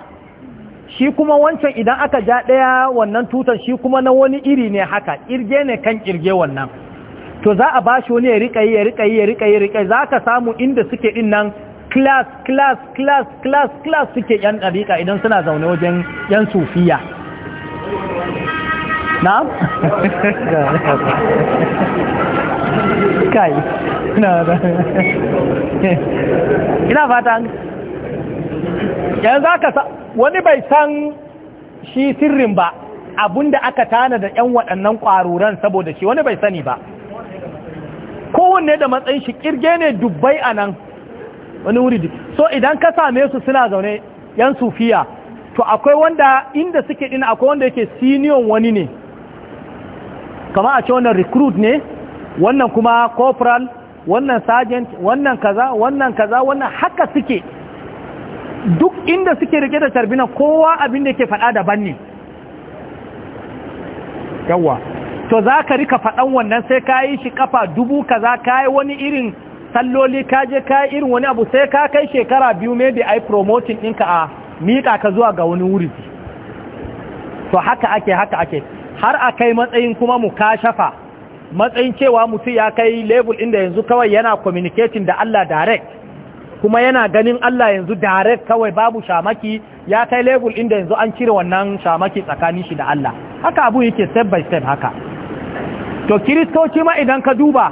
shi kuma wancan idan aka ja ɗaya wannan tutar shi kuma na wani iri ne haka ƙirge ne kan ƙirge wannan to za a bashi wani ya rika yi ya rika yi ya rika yi rika za ka samu inda suke din nan class class class class class suke yan dariƙa idan suna zaune wajen yan sufiya نعم كاي لا لا ina fata yanzu aka wani bai san shi sirrin ba abinda aka tana da yan waɗannan ƙwaruran saboda shi wani bai sani ba kowanne da matsayin shi kirge ne dubbai a nan wani wuri so idan ka same su suna zaune yan sufiya to akwai wanda inda suke ɗina akwai wanda yake siniyon wani ne kama a ce wannan recruit ne wannan kuma corporal wannan sergeant wannan kaza wannan kaza wannan haka suke duk inda suke rike da tarbina kowa abin da yake faɗa daban ne yawa to za ka rika faɗan wannan sai ka yi shi kafa dubu kaza ka yi wani irin salloli ka je ka yi irin wani abu sai ka kai shekara biyu da ai promoting ɗinka a miƙa ka zuwa ga wani wuri to haka ake haka ake har a kai matsayin kuma mu kashafa matsayin cewa mutum ya kai lebul inda yanzu kawai yana communicating da Allah direct kuma yana ganin Allah yanzu direct kawai babu shamaki ya kai lebul inda yanzu an cire wannan shamaki tsakanin shi da Allah haka abu yake step by step haka to kiristoci ma idan ka duba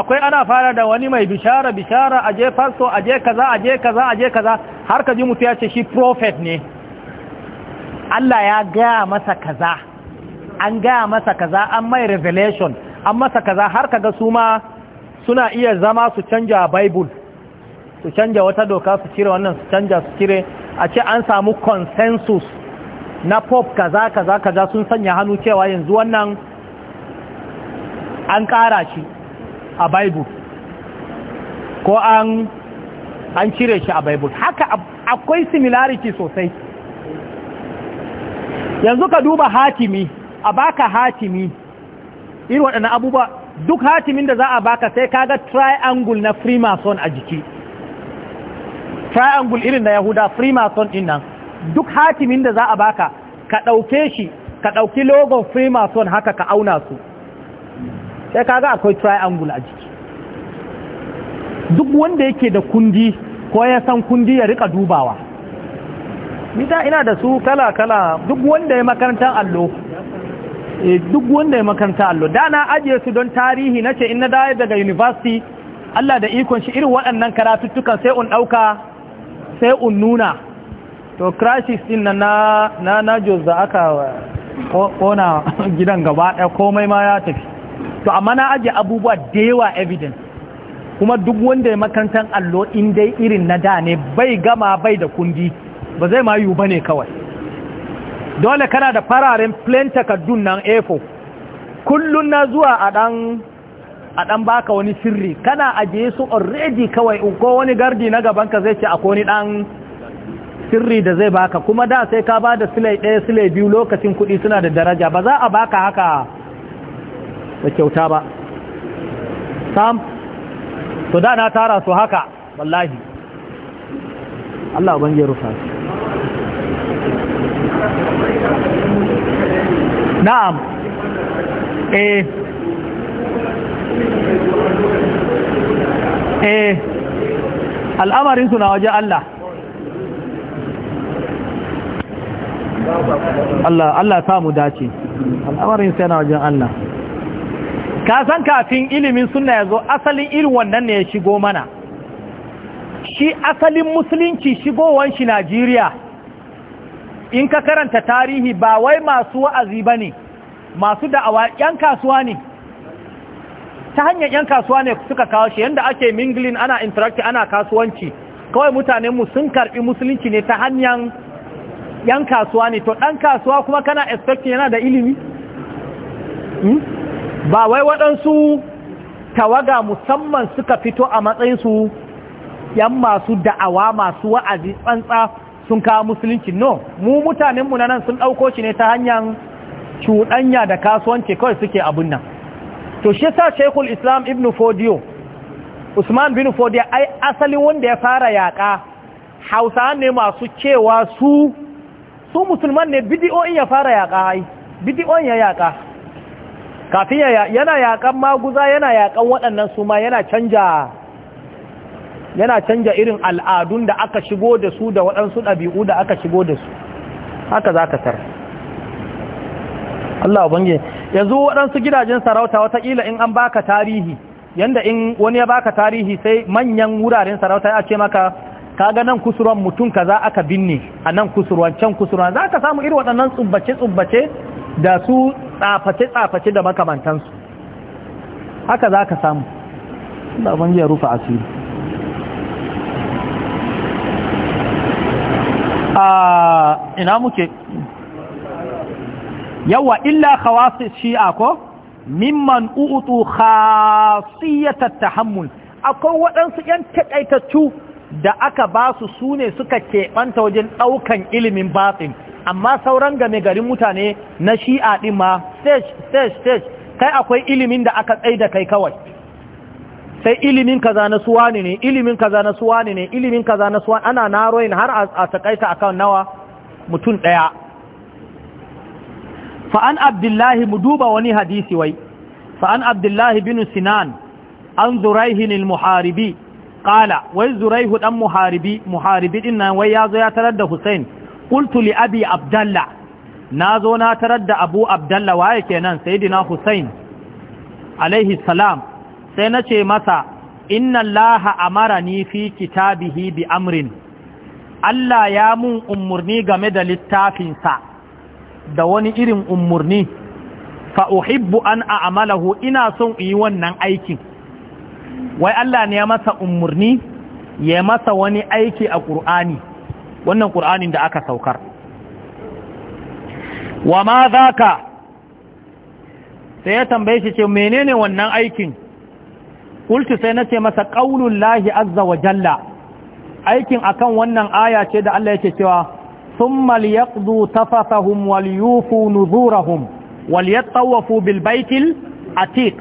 akwai ana fara da wani mai bishara bishara aje farso aje kaza aje kaza aje kaza har ka ji mutu ya ce shi prophet ne Allah ya gaya masa kaza an gaya masa kaza an mai revelation an masa kaza har kaga su ma suna iya zama su canja bible su canja wata doka su cire wannan su canja su cire a ce an samu consensus na pop kaza kaza kaza sun sanya hannu cewa yanzu wannan an kara shi a bible ko an an cire shi a bible haka akwai similarity sosai yanzu ka duba hakimi. a baka hatimi irin waɗannan abubuwa duk hatimin da za a baka sai kaga triangle na freemason a jiki triangle irin na yahuda freemason din nan duk hatimin da za a baka ka ɗauke shi ka ɗauki logon freemason haka ka auna su sai kaga akwai triangle a jiki duk wanda yake da kundi ko ya san kundi ya rika dubawa nita ina da su kala-kala duk wanda ya makarantar allo Eh, duk wanda ya makaranta allo da na ajiye su don tarihi na ce in na dawo daga university Allah da ikon shi irin waɗannan karatuttukan sai un ɗauka sai un nuna to crisis din na na na da aka kona (laughs) gidan gaba ɗaya komai ma ya tafi to amma na ajiye abubuwa da yawa evidence kuma duk wanda ya makarantar allo in dai irin na da ne bai gama bai da kundi ba zai ma yiwu ba ne kawai dole kana da fararen planta takardun nan efo kullun na zuwa a dan baka wani sirri kana ajiye su already kawai ko wani gardi na gaban ka zai ce akwai wani dan sirri da zai baka kuma da sai ka ba da silai ɗaya silai biyu lokacin kuɗi suna da daraja ba za a baka haka da kyauta ba sam to da na tara su haka wallahi Allah ban rufa fasi. na'am eh eh al'amarinsu na Allah Allah samu dace al'amarin sai wajen Allah ka san kafin ilimin sunna yazo asalin irin wannan ne ya shigo mana shi asalin musulunci shigowan shi Najeriya in ka karanta tarihi ba wai masu wa'azi ba ne masu da'awa ‘yan kasuwa ne ta hanyar ‘yan kasuwa ne suka kawo shi yadda ake mingling ana interactive ana kasuwanci kawai mutanenmu sun karɓi musulunci ne ta hanyar ‘yan kasuwa ne to ɗan kasuwa kuma kana expecting yana da ilimi hmm? ba wai waɗansu tawaga musamman suka fito a matsayinsu ‘yan masu da'awa masu wa'azi tsantsa sun kawo musulunci no mu mutanenmu na nan sun ɗauko shi ne ta hanyar cuɗanya da kasuwanci kawai suke abun nan to shi sa shekul islam ibn fodiyo usman bin fodiyo ai asali wanda ya fara yaƙa hausa ne masu cewa su su musulman ne bidiyoyin ya fara yaƙa ai bidiyoyin ya yaƙa kafin yana yaƙan maguza yana yaƙan waɗannan su ma yana canja yana canja irin al'adun da aka shigo da su da waɗansu ɗabi'u da aka shigo da su haka za ka tar Allah bangi yanzu waɗansu gidajen sarauta wataƙila in an baka tarihi yanda in wani ya baka tarihi sai manyan wuraren sarauta ya ce maka ka ga nan kusurwan mutum za aka binne a nan kusurwan can kusurwan za ka samu irin waɗannan tsubbace-tsubbace da su tsaface-tsaface da makamantansu haka za ka samu Allah ubangi ya rufa asiri ina muke yawa illa khawasi shi'a ko mimman utu khasiyata tahammul akwai waɗansu ‘yan taƙaitattu da aka ba su su ne suka keɓanta wajen ɗaukan ilimin batsin amma sauran game garin mutane na shi'a ɗin ma stage stage stage kai akwai ilimin da aka tsaye da kai kawai sai ilimin kaza na suwani ne ilimin kaza na ne ilimin kaza na ana naroyin har a takaita akan nawa mutum ɗaya fa'an abdullahi mu duba wani hadisi wai fa'an abdullahi bin sinan an zuraihin muharibi ƙala wai zuraihu ɗan muharibi muharibi ɗin nan wai ya zo ya tarar da hussein ƙultu li abi abdallah na zo na tarar da abu abdallah waye kenan Sayyidina Husain alaihi salam sai na ce masa inna laha amara ni fi kitabihi bi amrin Allah ya mun umarni game da littafinsa da wani irin umarni fa uhibbu an a'malahu ina son yi wannan aikin wai Allah ne ya masa umarni ya masa wani aiki a Qur'ani wannan Qur'anin da aka saukar wa ma zaka sai ya tambaye shi ce menene wannan aikin kultu sai na ce masa ƙaunin lahi azza wa jalla aikin akan wannan aya ce da Allah yake cewa sun maliyakzu tafasahun waliyufu nuzurahun waliyattawafu bilbaitil atik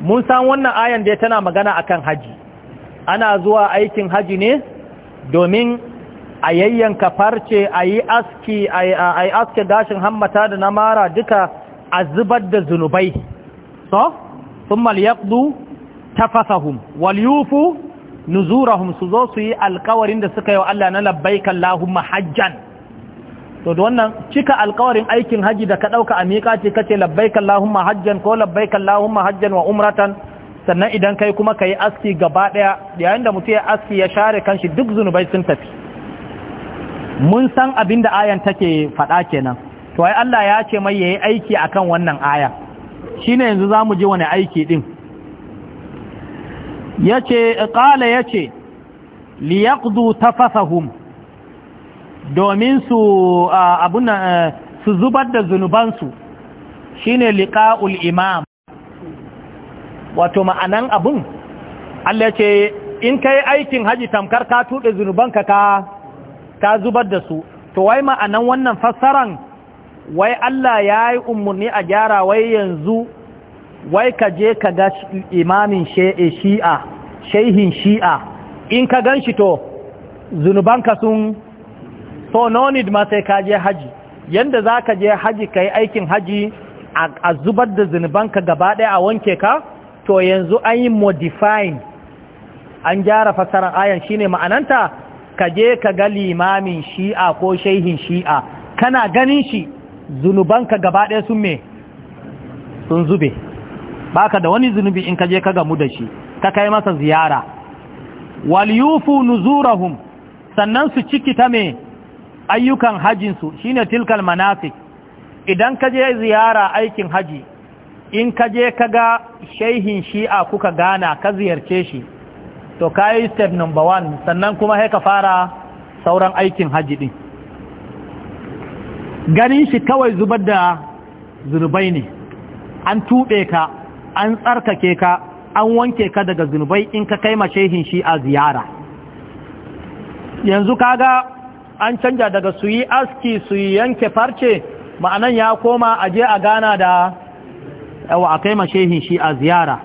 mun san wannan ayan da tana magana akan haji ana zuwa aikin haji ne domin a farce a yi aski a aske gashin hammata da na mara duka a zubar da zunubai so sun maliyakzu tafasahum wal yufu nuzurahum su zo su yi alkawarin da suka yi wa Allah na labbaika Allahumma hajjan to da wannan cika alkawarin aikin haji da ka dauka a miƙa ce kace labbaika Allahumma hajjan ko labbaika Allahumma hajjan wa umratan sannan idan kai kuma kai aski gaba daya yayin da mutum ya aski ya share kanshi duk zunubai sun tafi mun san abin ayan take faɗa kenan to ai Allah ya ce mai yayi aiki akan wannan aya shine yanzu zamu ji wani aiki din yace qala yace liyaqdu tafasahum domin su abuna eh, su zubar da zunubansu shine liqa'ul imam wato ma'anan abun Allah ce in kai aikin haji tamkar ka tuɗe zunubanka ka ka zubar da su to wai ma'anan wannan fassaran wai Allah ya yi umarni a gyara wai yanzu wai ka je ka ga imamin e, shi'a shaihin shi'a in ka gan shi to zunubanka sun so no need ma sai ka je haji yanda za ka je haji ka yi aikin haji a zubar da zunubanka gaba ɗaya a wanke ka to yanzu an yi modifying an gyara fasarar ayan shine ma'ananta ka je ka ga limamin shi'a ko shaihin shi'a kana ganin shi zunubanka gaba ɗaya sun me sun zube baka da wani zunubi in ka je ka gamu da shi ka kai masa ziyara wal nuzurahum sannan su ciki ta me ayyukan hajin su shine tilkal manafik. idan ka je ziyara aikin haji in ka je ka ga shehin shi'a kuka gana ka ziyarce shi to ka yi step number one sannan kuma sai ka fara sauran aikin haji din ganin shi kawai zubar da zurbai ne an tuɓe ka an tsarkake ka an wanke ka daga zunubai in ka kai mashehin shi a ziyara yanzu kaga an canja daga su yi aski su yi yanke farce ma'anan ya koma aje a gana da yawa a kai mashehin shi a ziyara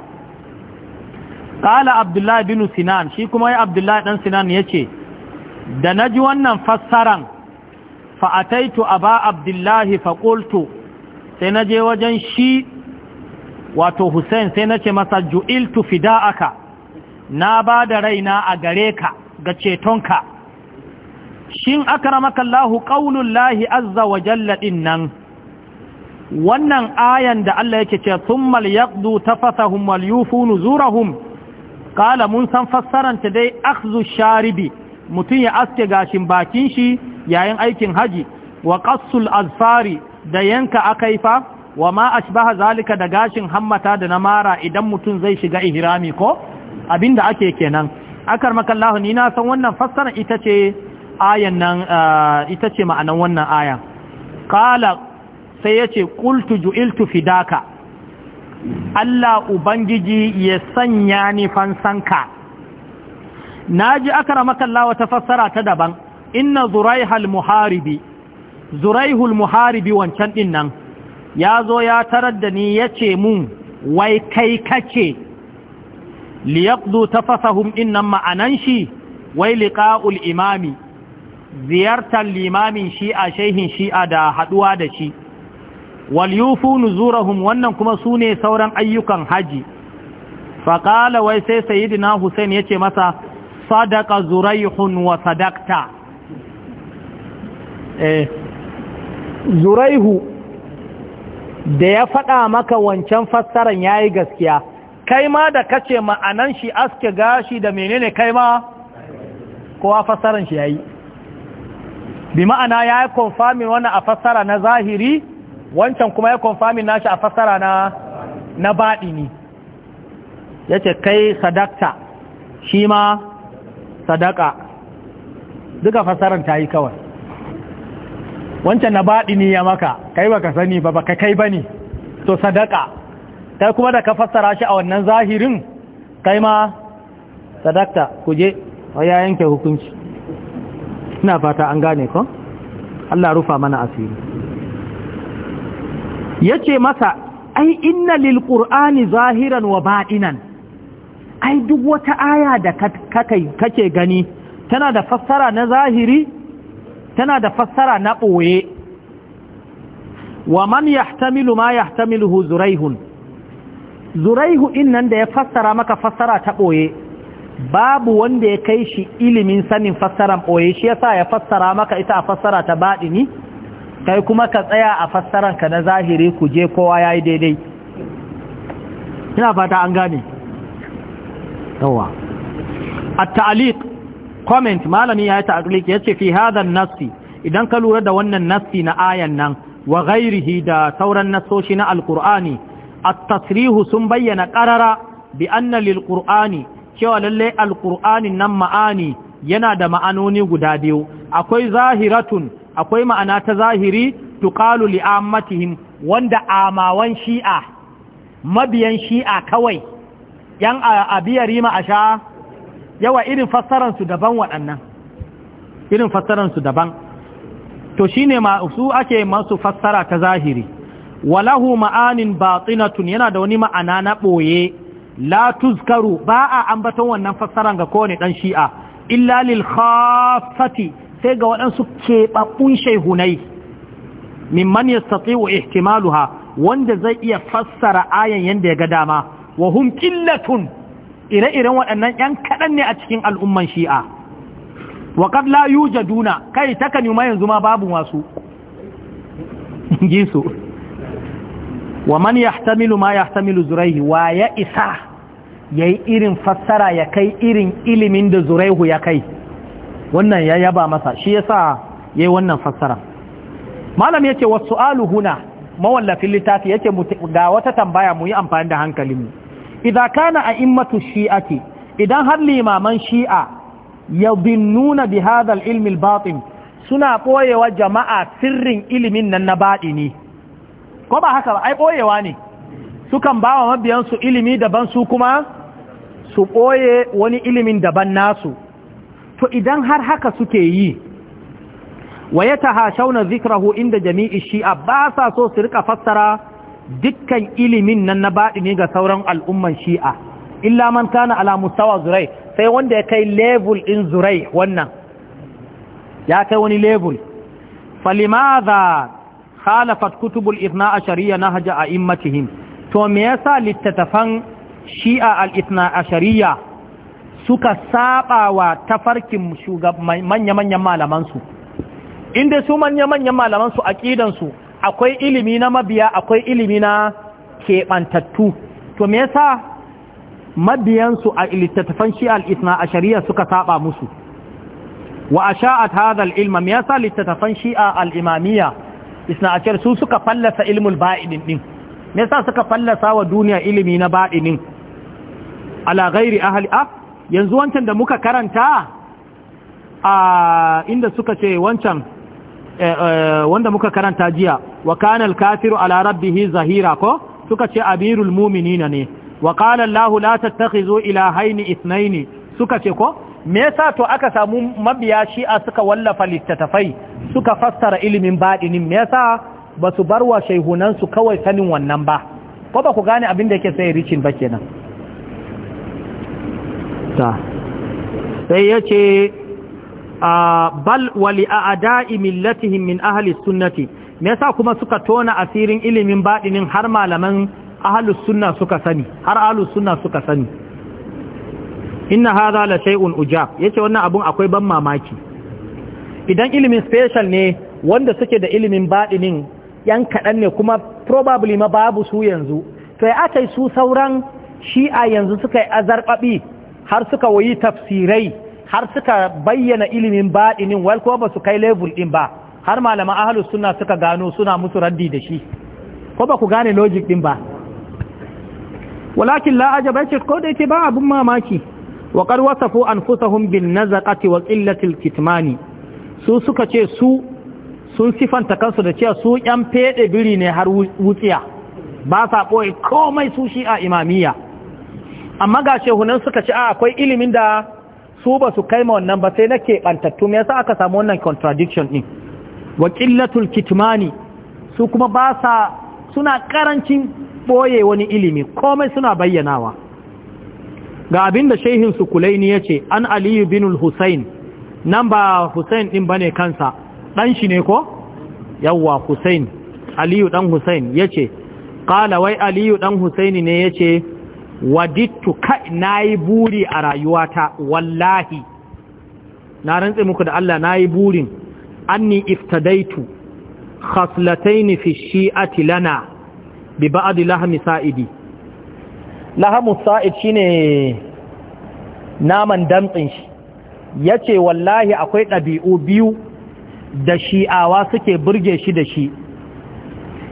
ƙala abdullahi bin sinan shi kuma ya abdullahi ɗan sinan ya ce da na ji wannan fassaran fa'ataitu a ba abdullahi faƙultu sai na je wajen shi wato Hussein sai na ce masa ju'iltu fida'aka na ba da raina a gare ka ga cetonka shin akramakallahu qaulul lahi azza wa jalla dinnan wannan ayan da Allah yake ce thummal yaqdu tafathahum wal yufu nuzurahum qala mun san fassaran ta dai akhzu sharibi mutun ya aske gashin bakin shi yayin aikin haji wa qassul azfari da yanka akaifa wa ma ashbaha zalika da gashin hammata da na mara idan mutum zai shiga ihrami ko abinda ake kenan akar makallahu ni na san wannan fassara ita ce ayan nan ah, ita ce ma'anan wannan aya qala sai yace qultu ju'iltu fidaka Allah ubangiji ya sanya ni fansanka naji akar makallahu ta fassara ta daban inna zuraihal muharibi zuraihul muharibi wancan ɗinnan. ya zo ya tarar da ni ya ce mun wai kai kace liyaqdu tafasahum innan ma'anan shi wai liqa'ul imami ziyartar limamin shi'a shehin shi'a da haduwa da shi wal yufu nuzurahum wannan kuma sune sauran ayyukan haji qala wai sai sayyidina husain yace masa sadaqa zuraihun wa sadaqta eh zuraihu da ya faɗa maka wancan fassaran ya yi gaskiya kai ma da kace ma'anan shi aske gashi da menene kai ma kowa fassaran shi ya yi bi ma'ana ya yi konfamin wannan a fassara na zahiri wancan kuma ya konfamin nashi a fassara na na ne. ya ce kai sadakta shi ma sadaka duka fassaran ta yi kawai wancan na baɗi ne ya maka kai baka sani ba baka kai bane to sadaka kai kuma da ka fassara shi a wannan zahirin kai ma sadakta kuje ya yanke hukunci ina fata an gane ko Allah rufa mana asiri yace masa ai inna lil qur'ani zahiran wa ba'inan ai duk wata aya da kake gani tana da fassara na zahiri tana da fassara na ɓoye wa man yahtamilu ma yahtamiluhu zuraihun zuraihu innan da ya fassara maka fassara ta ɓoye babu wanda ya kai shi ilimin sanin fassaran ɓoye shi yasa ya fassara maka ita a fassara ta baɗi ni. kai kuma ka tsaya a fassaran ka na zahiri ku je kowa ya yi daidai ina fata an gane yawa a comment malami ya yi ta'akliki ya ce fi hadan nassi idan ka lura da wannan nassi na ayan nan wa ghairihi da sauran nassoshi na alkur'ani at-tasrihu sun bayyana qarara bi anna lil cewa lalle alkur'ani nan ma'ani yana da ma'anoni guda biyu akwai zahiratun akwai ma'ana ta zahiri tuqalu li wanda amawan shi'a mabiyan shi'a kawai yan abiyarima asha yawa irin fassaransu daban waɗannan irin fassaransu daban to shi ne su ake masu fassara ta zahiri walahu ma'anin batinatun yana da wani ma'ana na ɓoye la tuzkaru ba a ambaton wannan fassaran ga kowane ɗan shi'a illa lil khafati sai ga waɗansu keɓaɓɓun shaihunai mimman yastati'u ihtimaluha wanda zai iya fassara ayan yanda ya ga dama wa hum qillatun ire-iren waɗannan ‘yan kaɗan ne a cikin al'umman shi'a wa la yujaduna kai ta kan yanzu ma babu masu gisu wa man yahtamilu ma yahtamilu wa ya isa yi irin fassara ya kai irin ilimin da zuraihu ya kai wannan ya yaba masa shi ya yi wannan fassara malam yace wasu aluhuna mawallafin littafi yake ga wata tambaya mu yi amfani da hankalinmu idza kana a'immatu shi'ati idan har limaman shi'a ya bi nuna al ilimin al-batin suna ɓoyewa jama'a sirrin ilimin nan na ne. ko ba haka ba ai boyewa ne sukan bawa mabiyan su ilimi daban su kuma su ɓoye wani ilimin daban nasu to idan har haka suke yi wa yatahashawna dhikrahu inda jami'i shi'a ba sa so su rika fassara dukkan ilimin nan na baɗi ne ga sauran al'umman shi'a illa man kana ala mustawa zurai sai wanda ya kai level in zurai wannan ya kai wani level falimaza khalafat kutubul ithna ashariya nahja a'immatihim to me yasa littattafan shi'a al-ithna ashariya suka saba wa tafarkin manya-manyan malamansu inda su manya-manyan malamansu aqidansu akwai ilimi na mabiya akwai ilimi na keɓantattu to me yasa mabiyansu a littattafan shi'a al'isna a shari'a suka saba musu wa a sha'at hadal ilma me yasa littattafan shi'a al'imamiya isna a su suka fallasa ilmul ba'inin din me yasa suka fallasa wa duniya ilimi na ba'inin ala ghairi ahli ah, yanzu wancan da muka karanta a ah, inda suka ce wancan eh, eh, wanda muka karanta jiya wa kana al-kafiru ala rabbihi zahira ko suka ce amirul mu'minina ne wa qala la tattakhizu ilahaini ithnaini suka ce ko me yasa to aka samu mabiya shi a suka wallafa littatafai suka fassara ilimin baɗinin me yasa ba su bar wa shaihunansu kawai sanin wannan ba ko ba ku gane abin da yake sai ricin ba kenan ta sai ya ce ah, bal wali a'da'i millatihim min ahli sunnati me yasa kuma suka tona asirin ilimin baɗinin har malaman ahlus sunna suka sani har ahlus sunna suka sani inna hadha la shay'un ujab yace wannan abun akwai ban mamaki idan ilimin special ne wanda suke da ilimin baɗinin yan kaɗan ne kuma probably ma babu su yanzu to ya aka su sauran shi'a yanzu suka yi azarɓaɓi har suka wayi tafsirai har suka bayyana ilimin baɗinin wal kuma ba su kai level ɗin ba har malaman ahalus suna suka gano suna musu raddi da shi ko ba ku gane logic din ba walakin la ajaba ce ko da yake ba abun mamaki wa qad wasafu anfusahum bin nazaqati wa qillati alkitmani su suka ce su sun sifanta kansu da cewa su yan fede biri ne har wutsiya ba sa boye komai su shi a imamiyya amma ga shehunan suka ce a akwai ilimin da su ba su kai ma wannan ba sai nake bantattu me yasa aka samu wannan contradiction din wa ƙillatul kitmani su kuma ba sa suna ƙarancin ɓoye wani ilimi komai suna bayyanawa ga abin da shehinsu kulaini ya ce an aliyu bin Husain, nan ba Husain ɗin ba kansa ɗan shi ne ko yawwa Husain, aliyu ɗan Husain ya ce ƙala wai aliyu ɗan Husaini ne ya ce wadittu kai na yi buri a rayuwata wallahi na rantse muku da allah na yi burin anni iftadaitu khaslataini fi shi'ati lana bi ba'd lahmi sa'idi lahmu sa'id shine naman damtsin shi yace wallahi akwai dabi'u biyu da shi'awa suke burge shi da shi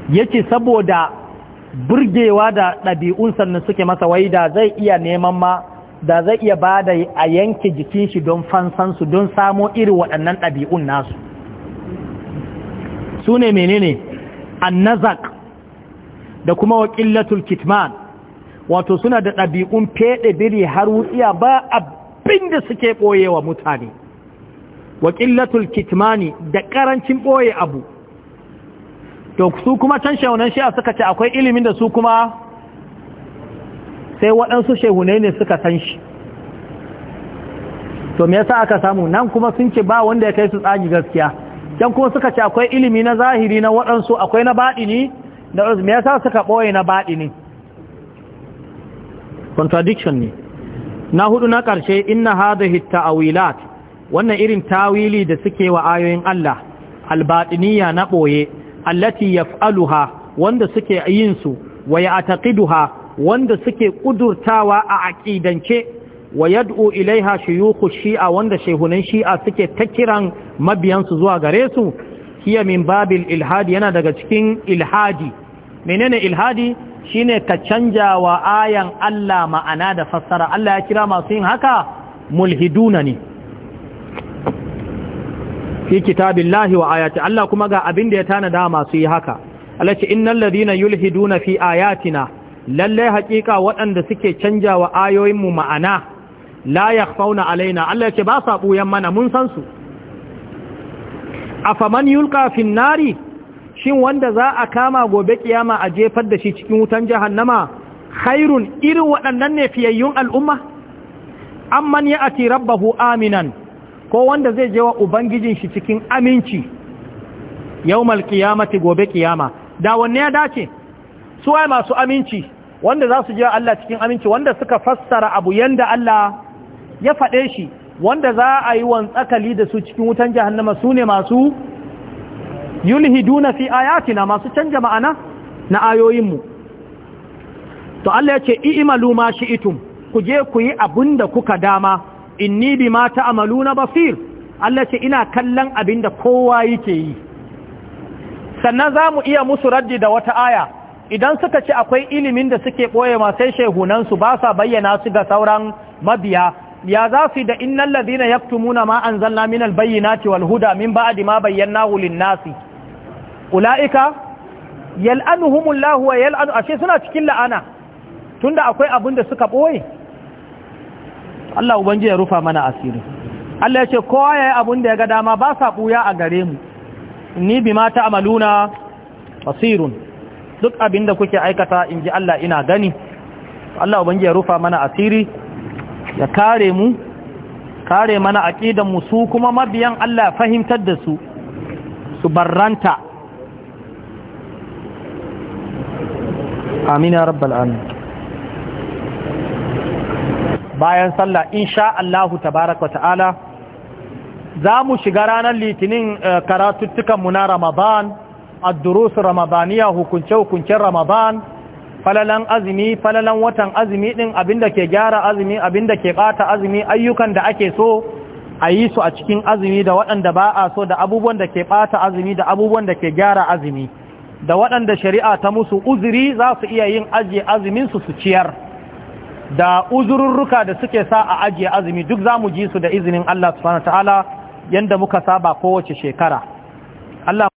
yace saboda burgewa da ɗabi'un sannan suke masa wai da zai iya neman ma da zai iya bada a yanke jikin shi don fansansu don samo iri waɗannan ɗabi'un nasu su ne menene annazak da kuma wakilatul kitman wato suna da ɗabi'un feɗe biri har wutsiya ba abin da suke ɓoye wa mutane wakilatul kitmani da ƙarancin ɓoye abu to su kuma can shaunan shi'a suka ce akwai ilimin da su kuma sai waɗansu shehunai ne suka san shi to me yasa aka samu nan kuma sun ce ba wanda ya kai su tsagi gaskiya dan kuma suka ce akwai ilimi na zahiri na waɗansu akwai na baɗini da wasu me yasa suka ɓoye na baɗini contradiction ne na hudu na ƙarshe inna hadhihi ta'awilat wannan irin tawili da suke wa ayoyin Allah albaɗiniya na ɓoye allati yaf'aluha wanda suke yin su wa ya'taqiduha wanda suke ƙudurtawa a aƙidance wa yad'u ilaiha shuyukhu shi'a wanda shehunan shi'a suke ta kiran mabiyansu zuwa gare su hiya min babil ilhadi yana daga cikin ilhadi menene ilhadi shine ka canja wa ayan Allah ma'ana da fassara Allah ya kira masu yin haka mulhiduna ne fi kitabillahi wa ayati Allah kuma ga abin da ya tanada masu yi haka Allah ce innal ladina yulhiduna fi ayatina lalle haƙiƙa waɗanda suke canja wa ayoyinmu ma'ana la fauna alaina Allah ce ba sa buyan mana mun san su a yulqa fin nari shin wanda za a kama gobe kiyama a jefar da shi cikin wutan jahannama khairun irin waɗannan ne fiyayyun al'umma an man ya ati rabbahu aminan ko wanda zai je wa ubangijin shi cikin aminci yau yawmal qiyamati gobe kiyama da wanne ya dace su ai masu aminci wanda za su je Allah cikin aminci wanda suka fassara abu yanda Allah ya faɗe shi wanda za a yi wantsakali da su cikin wutan jahannama su ne masu yulhiduna fi ayatina masu canja ma'ana na ayoyinmu to Allah ya ce i'malu ma shi'itum ku je ku yi abinda kuka dama inni amalu ta'maluna basir Allah ce ina kallon abinda kowa yake yi sannan za mu iya musu raddi da wata aya idan suka ce akwai ilimin da suke ɓoye masai shehunansu ba sa bayyana su ga sauran mabiya ya za su da innan ladina yaktumuna ma anzalna minal bayyinati wal huda min ba'di ma bayyanahu lin nasi ulaika yal'anuhumullahu wa yal'anu ashe suna cikin la'ana tunda akwai abin da suka boye Allah ubangiji ya rufa mana asiri Allah ya ce kowa yayi abin da ya ga dama ba sa buya a gare mu ni bima amaluna basirun duk abin da kuke aikata inji Allah ina gani Allah ubangiji ya rufa mana asiri ya kare mu kare mana aqidan mu su kuma mabiyan Allah fahimtar da su su barranta amin ya rabbal alamin bayan sallah insha Allah tabaaraka ta'ala za mu shiga ranar litinin eh, karatuttukan mu na Ramadan ad-durus ramadaniya hukunce hukuncen Ramadan falalan azumi falalan watan azumi din abinda ke gyara azumi abinda ke bata azumi ayyukan da ake so a yi su a cikin azumi da waɗanda ba a so da abubuwan da ke bata azumi da abubuwan da ke gyara azumi da waɗanda shari'a ta musu uzuri za su iya yin ajiye azumin su su ciyar da uzururruka da suke sa a ajiye azumi duk za mu ji su da izinin Allah subhanahu wataala yanda muka saba kowace shekara Allah